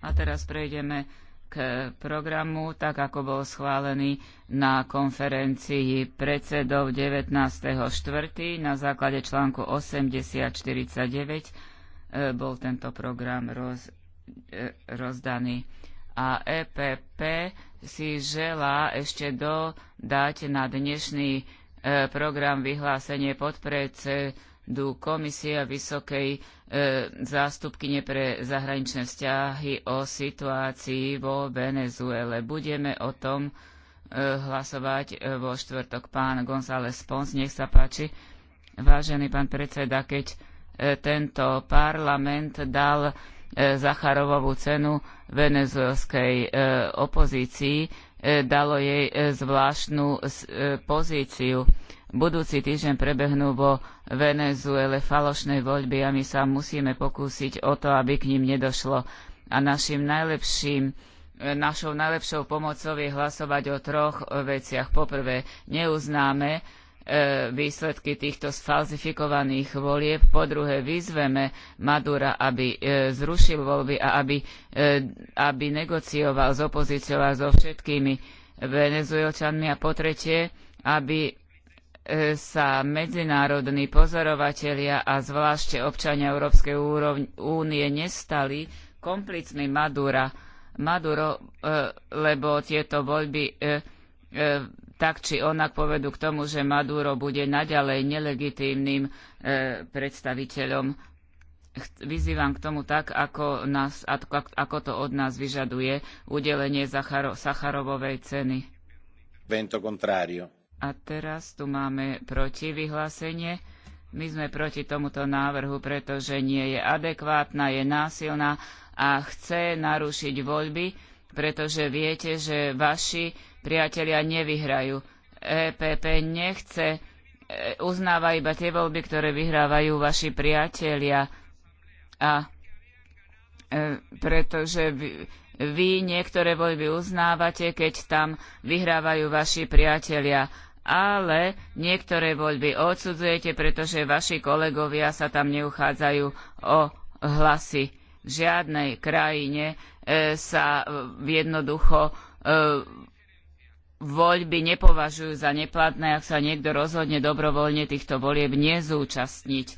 A teraz prejdeme k programu, tak ako bol schválený na konferencii predsedov 19.4. na základe článku 8049 e, bol tento program roz, e, rozdaný. A EPP si želá ešte dodať na dnešný e, program vyhlásenie podpredsedov do Komisie a Vysokej e, zástupkyne pre zahraničné vzťahy o situácii vo Venezuele. Budeme o tom e, hlasovať e, vo štvrtok. Pán González Pons, nech sa páči. Vážený pán predseda, keď e, tento parlament dal e, Zacharovovú cenu venezuelskej e, opozícii, e, dalo jej e, zvláštnu e, pozíciu Budúci týždeň prebehnú vo Venezuele falošnej voľby a my sa musíme pokúsiť o to, aby k ním nedošlo. A našim najlepším e, našou najlepšou pomocou je hlasovať o troch veciach. Poprvé, neuznáme e, výsledky týchto sfalzifikovaných volieb. Po druhé, vyzveme Madura, aby e, zrušil voľby a aby, aby negocioval s opozíciou a so všetkými venezuelčanmi. A po tretie, aby E, sa medzinárodní pozorovatelia a zvláštne občania Európskej únie nestali komplicmi Madura. Maduro, e, lebo tieto voľby e, tak či onak povedú k tomu, že Maduro bude naďalej nelegitímnym predstaviteľom. Vyzývam k tomu tak, ako, nás, ako to od nás vyžaduje udelenie Sacharovovej ceny. Vento contrario a teraz tu máme proti vyhlásenie. My sme proti tomuto návrhu, pretože nie je adekvátna, je násilná a chce narušiť voľby, pretože viete, že vaši priatelia nevyhrajú. EPP nechce, e, uznáva iba tie voľby, ktoré vyhrávajú vaši priatelia. A e, pretože vy, vy niektoré voľby uznávate, keď tam vyhrávajú vaši priatelia ale niektoré voľby odsudzujete, pretože vaši kolegovia sa tam neuchádzajú o hlasy. V žiadnej krajine e, sa e, jednoducho e, voľby nepovažujú za neplatné, ak sa niekto rozhodne dobrovoľne týchto volieb nezúčastniť.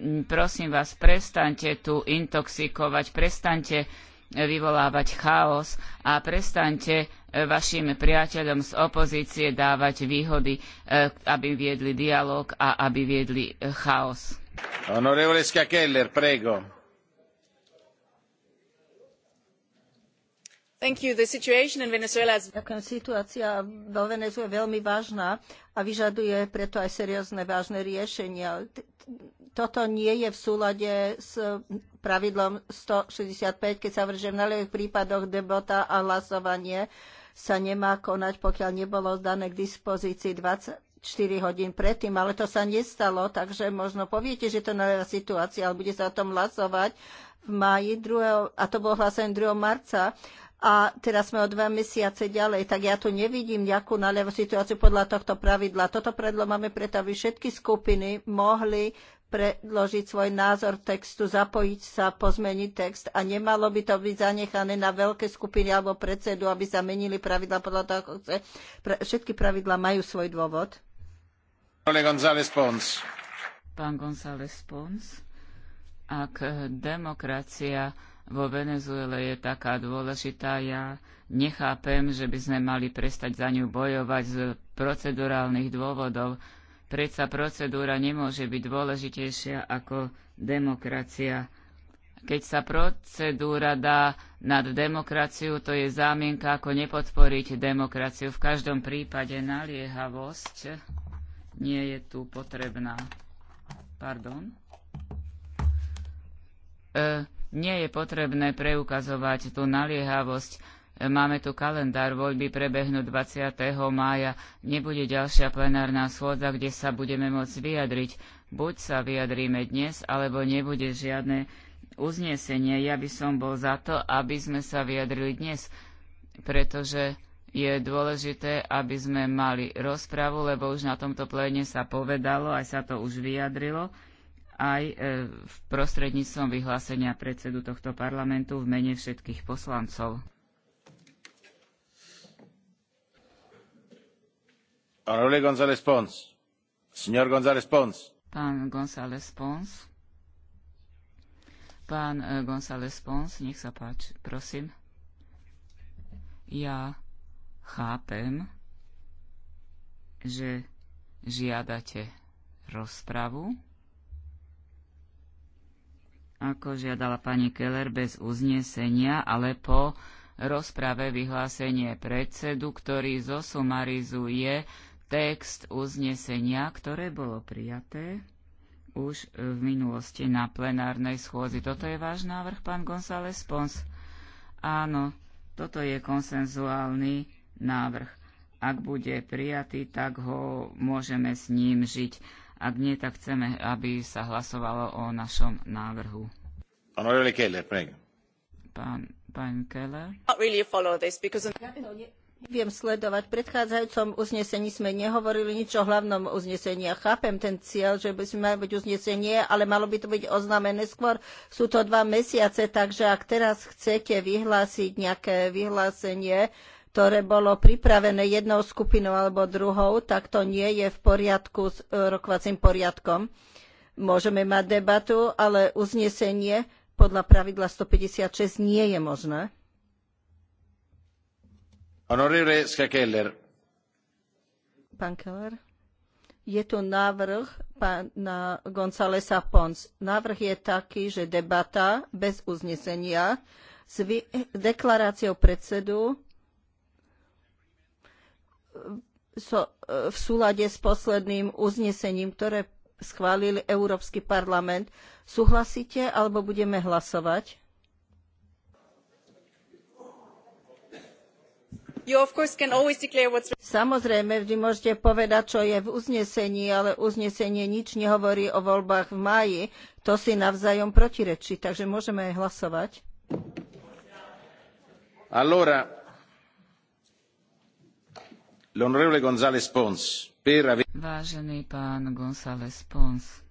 Mm, prosím vás, prestaňte tu intoxikovať, prestaňte e, vyvolávať chaos a prestaňte vašim priateľom z opozície dávať výhody, e, aby viedli dialóg a aby viedli e, chaos. Venezuela... situácia vo Venezuele je veľmi vážna a vyžaduje preto aj seriózne vážne riešenia. Toto nie je v súlade s pravidlom 165, keď sa vrže v najlepších prípadoch debata a hlasovanie sa nemá konať, pokiaľ nebolo dané k dispozícii 20, 4 hodín predtým, ale to sa nestalo, takže možno poviete, že to je situácia, ale bude sa o tom hlasovať v máji 2. a to bolo hlasovanie 2. marca a teraz sme o dva mesiace ďalej, tak ja tu nevidím nejakú nalievú situáciu podľa tohto pravidla. Toto predlo máme preto, aby všetky skupiny mohli predložiť svoj názor textu, zapojiť sa, pozmeniť text a nemalo by to byť zanechané na veľké skupiny alebo predsedu, aby sa menili pravidla podľa toho, ako chce. Všetky pravidla majú svoj dôvod. Pán González Pons, ak demokracia vo Venezuele je taká dôležitá, ja nechápem, že by sme mali prestať za ňu bojovať z procedurálnych dôvodov. Predsa procedúra nemôže byť dôležitejšia ako demokracia. Keď sa procedúra dá nad demokraciu, to je zámienka, ako nepodporiť demokraciu. V každom prípade naliehavosť nie je tu potrebná. Pardon. E, nie je potrebné preukazovať tú naliehavosť Máme tu kalendár, voľby prebehnú 20. mája. Nebude ďalšia plenárna schôdza, kde sa budeme môcť vyjadriť. Buď sa vyjadríme dnes, alebo nebude žiadne uznesenie. Ja by som bol za to, aby sme sa vyjadrili dnes, pretože je dôležité, aby sme mali rozpravu, lebo už na tomto pléne sa povedalo, aj sa to už vyjadrilo, aj e, v prostredníctvom vyhlásenia predsedu tohto parlamentu v mene všetkých poslancov. Honorable González Pons. Signor González Pons. Pán González Pons. Pán eh, González Pons, nech sa páči, prosím. Ja chápem, že žiadate rozpravu, ako žiadala pani Keller bez uznesenia, ale po rozprave vyhlásenie predsedu, ktorý zosumarizuje text uznesenia, ktoré bolo prijaté už v minulosti na plenárnej schôzi. Toto je váš návrh, pán González Pons? Áno, toto je konsenzuálny návrh. Ak bude prijatý, tak ho môžeme s ním žiť. Ak nie, tak chceme, aby sa hlasovalo o našom návrhu. Pán, pán Keller? viem sledovať. V predchádzajúcom uznesení sme nehovorili nič o hlavnom uznesení. Ja chápem ten cieľ, že by sme mali byť uznesenie, ale malo by to byť oznámené skôr. Sú to dva mesiace, takže ak teraz chcete vyhlásiť nejaké vyhlásenie, ktoré bolo pripravené jednou skupinou alebo druhou, tak to nie je v poriadku s e, rokovacím poriadkom. Môžeme mať debatu, ale uznesenie podľa pravidla 156 nie je možné. Pán Keller. Je tu návrh pána Gonzalesa Pons. Návrh je taký, že debata bez uznesenia s deklaráciou predsedu so, v súlade s posledným uznesením, ktoré schválil Európsky parlament. Súhlasíte alebo budeme hlasovať? Samozrejme, vždy môžete povedať, čo je v uznesení, ale uznesenie nič nehovorí o voľbách v máji. To si navzájom protirečí, takže môžeme aj hlasovať. Allora, l'onorevole González Pons. Per... Vážený pán González Pons,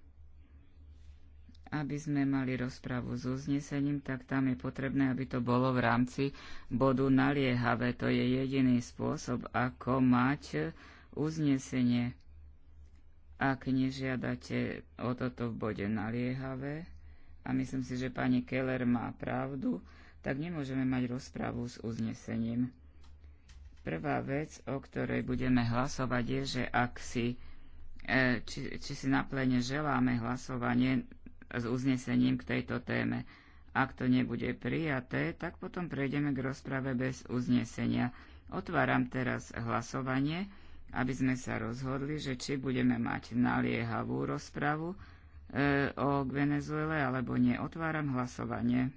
aby sme mali rozpravu s uznesením, tak tam je potrebné, aby to bolo v rámci bodu naliehavé. To je jediný spôsob, ako mať uznesenie. Ak nežiadate o toto v bode naliehavé, a myslím si, že pani Keller má pravdu, tak nemôžeme mať rozprávu s uznesením. Prvá vec, o ktorej budeme hlasovať, je, že ak si e, či, či si naplene želáme hlasovanie s uznesením k tejto téme. Ak to nebude prijaté, tak potom prejdeme k rozprave bez uznesenia. Otváram teraz hlasovanie, aby sme sa rozhodli, že či budeme mať naliehavú rozpravu e, o Venezuele alebo nie. Otváram hlasovanie.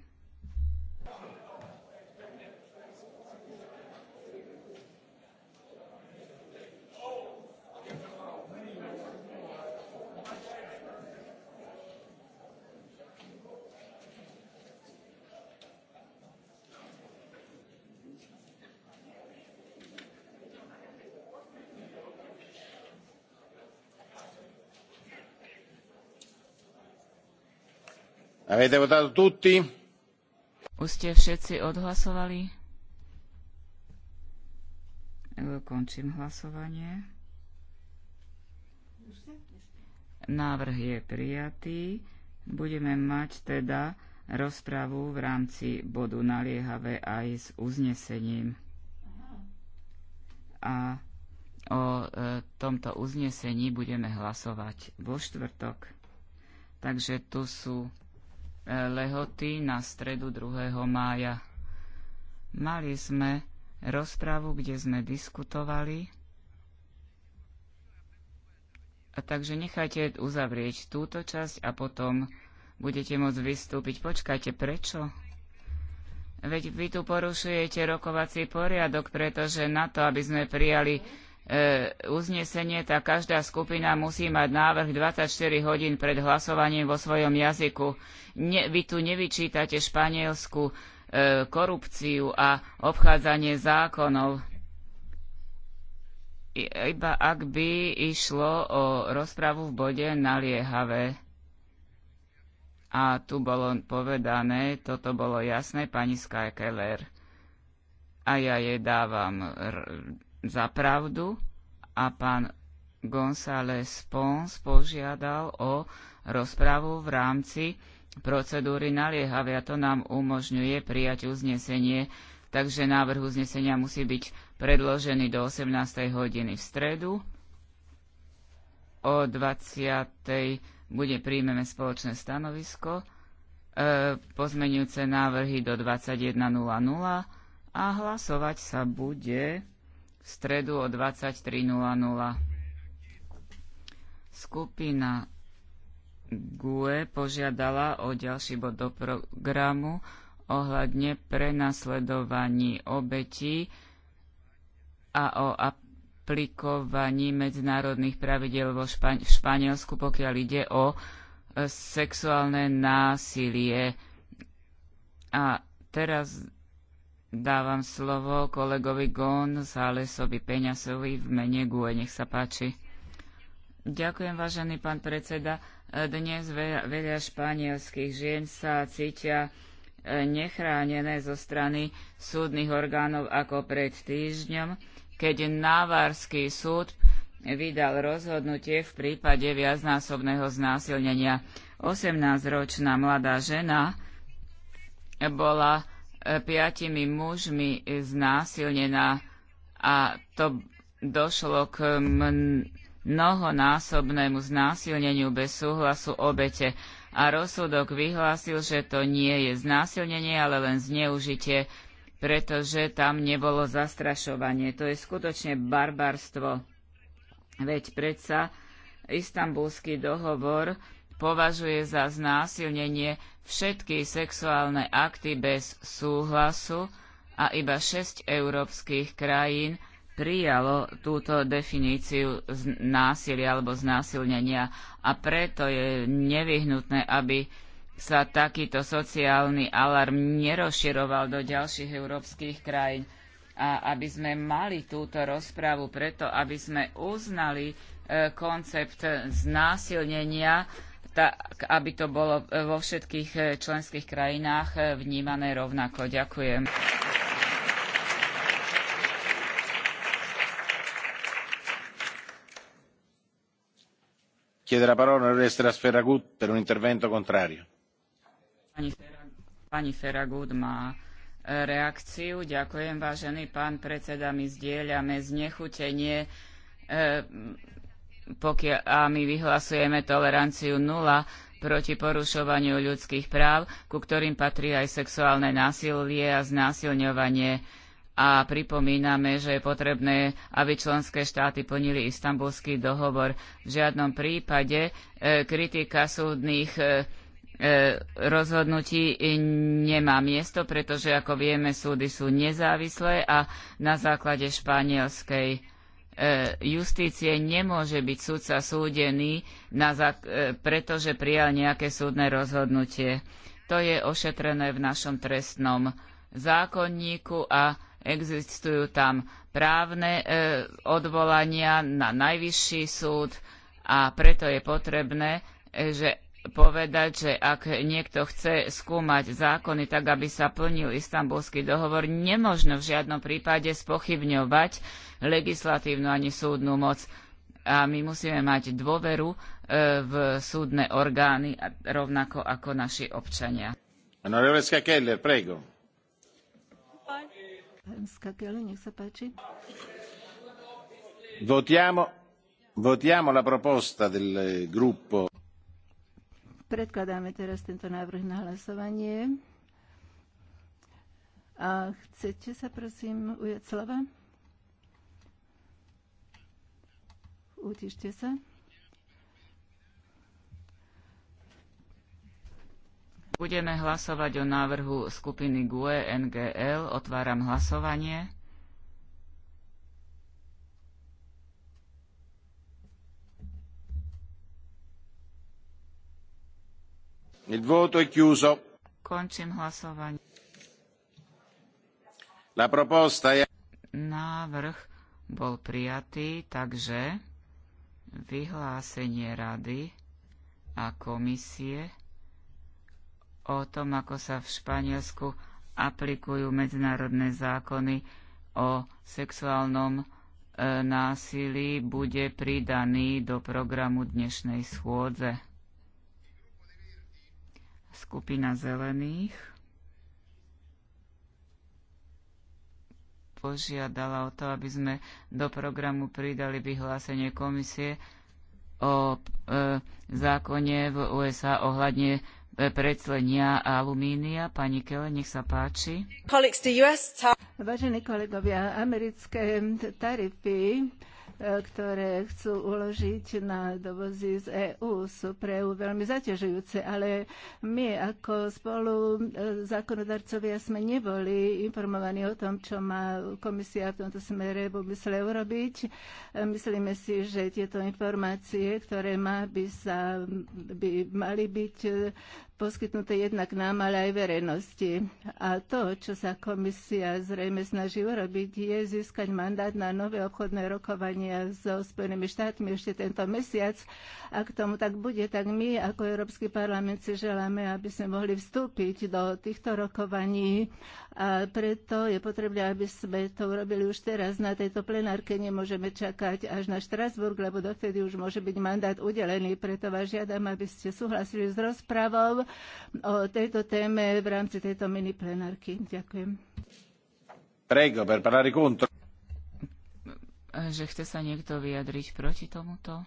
Avete votato tutti? Už ste všetci odhlasovali? Končím hlasovanie. Návrh je prijatý. Budeme mať teda rozpravu v rámci bodu naliehavé aj s uznesením. A o e, tomto uznesení budeme hlasovať vo štvrtok. Takže tu sú lehoty na stredu 2. mája. Mali sme rozprávu, kde sme diskutovali. A takže nechajte uzavrieť túto časť a potom budete môcť vystúpiť. Počkajte, prečo? Veď vy tu porušujete rokovací poriadok, pretože na to, aby sme prijali E, uznesenie, tak každá skupina musí mať návrh 24 hodín pred hlasovaním vo svojom jazyku. Ne, vy tu nevyčítate Španielsku e, korupciu a obchádzanie zákonov. Iba ak by išlo o rozpravu v bode naliehavé. A tu bolo povedané, toto bolo jasné, pani Skykeller. A ja jej dávam za pravdu a pán González Pons požiadal o rozpravu v rámci procedúry naliehavia. To nám umožňuje prijať uznesenie, takže návrh uznesenia musí byť predložený do 18. hodiny v stredu. O 20. bude príjmeme spoločné stanovisko, e, pozmenujúce návrhy do 21.00 a hlasovať sa bude v stredu o 23.00. Skupina GUE požiadala o ďalší bod do programu ohľadne prenasledovaní obetí a o aplikovaní medzinárodných pravidel vo Špan- v Španielsku, pokiaľ ide o e, sexuálne násilie. A teraz Dávam slovo kolegovi Halesovi Peňasovi v mene GUE. Nech sa páči. Ďakujem, vážený pán predseda. Dnes veľa, veľa španielských žien sa cítia e, nechránené zo strany súdnych orgánov ako pred týždňom, keď Návarský súd vydal rozhodnutie v prípade viacnásobného znásilnenia. 18-ročná mladá žena bola piatimi mužmi znásilnená a to došlo k mnohonásobnému znásilneniu bez súhlasu obete a rozsudok vyhlásil, že to nie je znásilnenie, ale len zneužitie, pretože tam nebolo zastrašovanie. To je skutočne barbarstvo. Veď predsa istambulský dohovor považuje za znásilnenie všetky sexuálne akty bez súhlasu a iba 6 európskych krajín prijalo túto definíciu násilia alebo znásilnenia a preto je nevyhnutné, aby sa takýto sociálny alarm nerozširoval do ďalších európskych krajín a aby sme mali túto rozpravu preto, aby sme uznali e, koncept znásilnenia tak aby to bolo e, vo všetkých e, členských krajinách e, vnímané rovnako. Ďakujem. Chiede la parola l'onorevole Sferragut per un intervento contrario. Pani, pani Ferragut má reakciu. Ďakujem, vážený pán predseda, my zdieľame znechutenie pokiaľ a my vyhlasujeme toleranciu nula proti porušovaniu ľudských práv, ku ktorým patrí aj sexuálne násilie a znásilňovanie. A pripomíname, že je potrebné, aby členské štáty plnili istambulský dohovor. V žiadnom prípade e, kritika súdnych e, e rozhodnutí nemá miesto, pretože ako vieme, súdy sú nezávislé a na základe španielskej E, justície nemôže byť súdca súdený, na e, pretože prijal nejaké súdne rozhodnutie. To je ošetrené v našom trestnom zákonníku a existujú tam právne e, odvolania na najvyšší súd a preto je potrebné, e, že povedať, že ak niekto chce skúmať zákony tak, aby sa plnil istambulský dohovor, nemožno v žiadnom prípade spochybňovať legislatívnu ani súdnu moc. A my musíme mať dôveru e, v súdne orgány, rovnako ako naši občania. Keller, prego. Keller, nech sa páči. Votiamo, votiamo la proposta del gruppo Predkladáme teraz tento návrh na hlasovanie. A chcete sa prosím ujať slova? Utište sa. Budeme hlasovať o návrhu skupiny GUE NGL. Otváram hlasovanie. Končím hlasovanie. Návrh bol prijatý, takže vyhlásenie rady a komisie o tom, ako sa v Španielsku aplikujú medzinárodné zákony o sexuálnom e, násilí, bude pridaný do programu dnešnej schôdze. Skupina zelených požiadala o to, aby sme do programu pridali vyhlásenie komisie o e, zákone v USA ohľadne e, preclenia alumínia. Pani Kele, nech sa páči. Vážení kolegovia, americké tarify ktoré chcú uložiť na dovozy z EÚ, sú pre EÚ veľmi zaťažujúce, ale my ako spolu e, zákonodarcovia sme neboli informovaní o tom, čo má komisia v tomto smere v úmysle urobiť. E, myslíme si, že tieto informácie, ktoré má, by, sa, by mali byť e, poskytnuté jednak nám, ale aj verejnosti. A to, čo sa komisia zrejme snaží urobiť, je získať mandát na nové obchodné rokovania so Spojenými štátmi ešte tento mesiac. Ak tomu tak bude, tak my ako Európsky parlament si želáme, aby sme mohli vstúpiť do týchto rokovaní a preto je potrebné, aby sme to urobili už teraz. Na tejto plenárke nemôžeme čakať až na Štrasburg, lebo dovtedy už môže byť mandát udelený. Preto vás žiadam, aby ste súhlasili s rozpravou o tejto téme v rámci tejto mini plenárky. Ďakujem. Prego, per parlare contro. Že chce sa niekto vyjadriť proti tomuto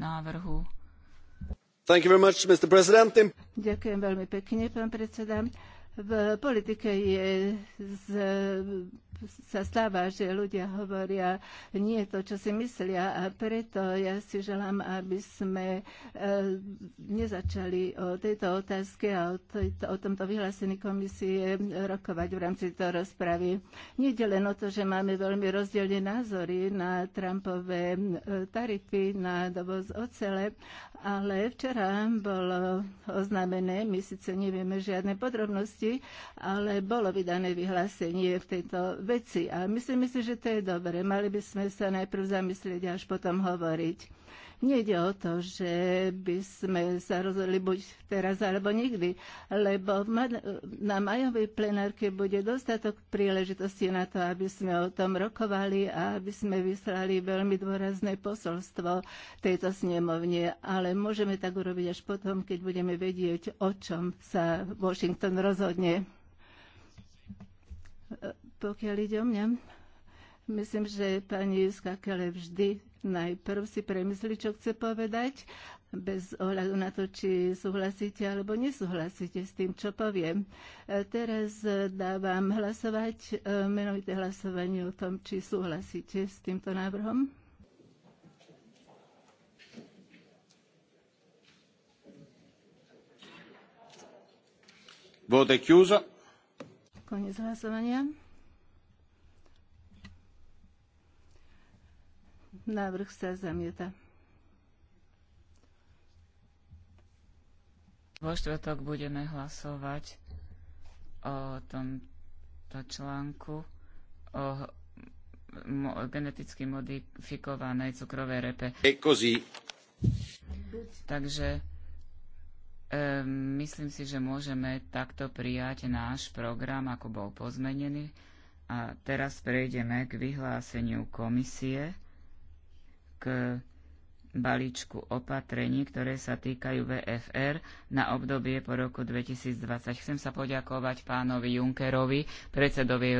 návrhu? Thank you very Much, Mr. Ďakujem veľmi pekne, pán predseda. V politike je z, sa stáva, že ľudia hovoria nie to, čo si myslia a preto ja si želám, aby sme e, nezačali o tejto otázke a o, tejto, o tomto vyhlásení komisie rokovať v rámci tejto rozpravy. Nie je len o to, že máme veľmi rozdielne názory na Trumpové e, tarify na dovoz ocele, ale včera bolo oznámené, my síce nevieme žiadne podrobnosti, minulosti, ale bolo vydané vyhlásenie v tejto veci a myslím si, že to je dobre. Mali by sme sa najprv zamyslieť až potom hovoriť. Nejde o to, že by sme sa rozhodli buď teraz alebo nikdy, lebo na majovej plenárke bude dostatok príležitosti na to, aby sme o tom rokovali a aby sme vyslali veľmi dôrazné posolstvo tejto snemovne, ale môžeme tak urobiť až potom, keď budeme vedieť, o čom sa Washington rozhodne. Pokiaľ ide o mňa, myslím, že pani Skakele vždy najprv si premyslí, čo chce povedať, bez ohľadu na to, či súhlasíte alebo nesúhlasíte s tým, čo poviem. E, teraz e, dávam hlasovať, e, menovité hlasovanie o tom, či súhlasíte s týmto návrhom. Vote chiuso. Koniec hlasovania. Návrh sa zamieta. Vo štvrtok budeme hlasovať o tomto článku o mo- geneticky modifikovanej cukrovej repe. E Takže e, myslím si, že môžeme takto prijať náš program, ako bol pozmenený. A teraz prejdeme k vyhláseniu komisie k balíčku opatrení, ktoré sa týkajú VFR na obdobie po roku 2020. Chcem sa poďakovať pánovi Junckerovi, predsedovi